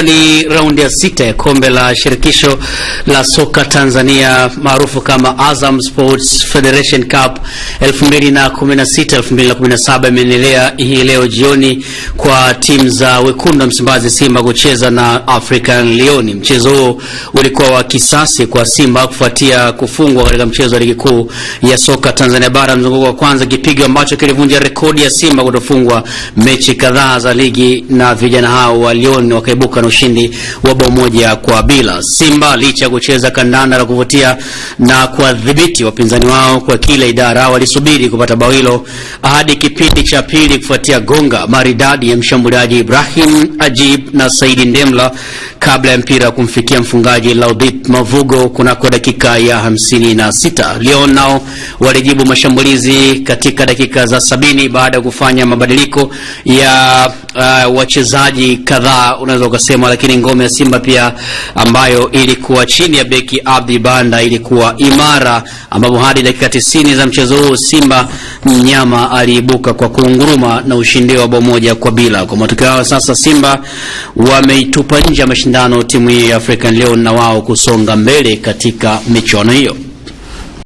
ilikuwa ni raundi ya sita ya kombe la shirikisho la soka Tanzania maarufu kama Azam Sports Federation Cup 2016 2017 imeendelea hii leo jioni kwa timu za wekundu wa Msimbazi Simba kucheza na African Lioni. Mchezo huo ulikuwa wa kisasi kwa Simba kufuatia kufungwa katika mchezo wa ligi kuu ya soka Tanzania bara mzunguko wa kwanza, kipigo ambacho kilivunja rekodi ya Simba kutofungwa mechi kadhaa za ligi na vijana hao wa Lioni wakaibuka ushindi wa bao moja kwa bila. Simba licha ya kucheza kandanda la kuvutia na kuwadhibiti wapinzani wao kwa kila idara, walisubiri kupata bao hilo hadi kipindi cha pili kufuatia gonga maridadi ya mshambuliaji Ibrahim Ajib na Saidi Ndemla kabla ya mpira kumfikia mfungaji Laudit Mavugo kunako dakika ya hamsini na sita. Lyon nao walijibu mashambulizi katika dakika za sabini baada ya kufanya mabadiliko ya uh, wachezaji kadhaa unaweza ukasema, lakini ngome ya Simba pia ambayo ilikuwa chini ya beki Abdi Banda ilikuwa imara, ambapo hadi dakika tisini za mchezo huu Simba mnyama aliibuka kwa kunguruma na ushindi wa bao moja kwa bila. Kwa matokeo hayo sasa Simba wameitupa nje ya mashindano timu hii ya African Leon na wao kusonga mbele katika michuano hiyo.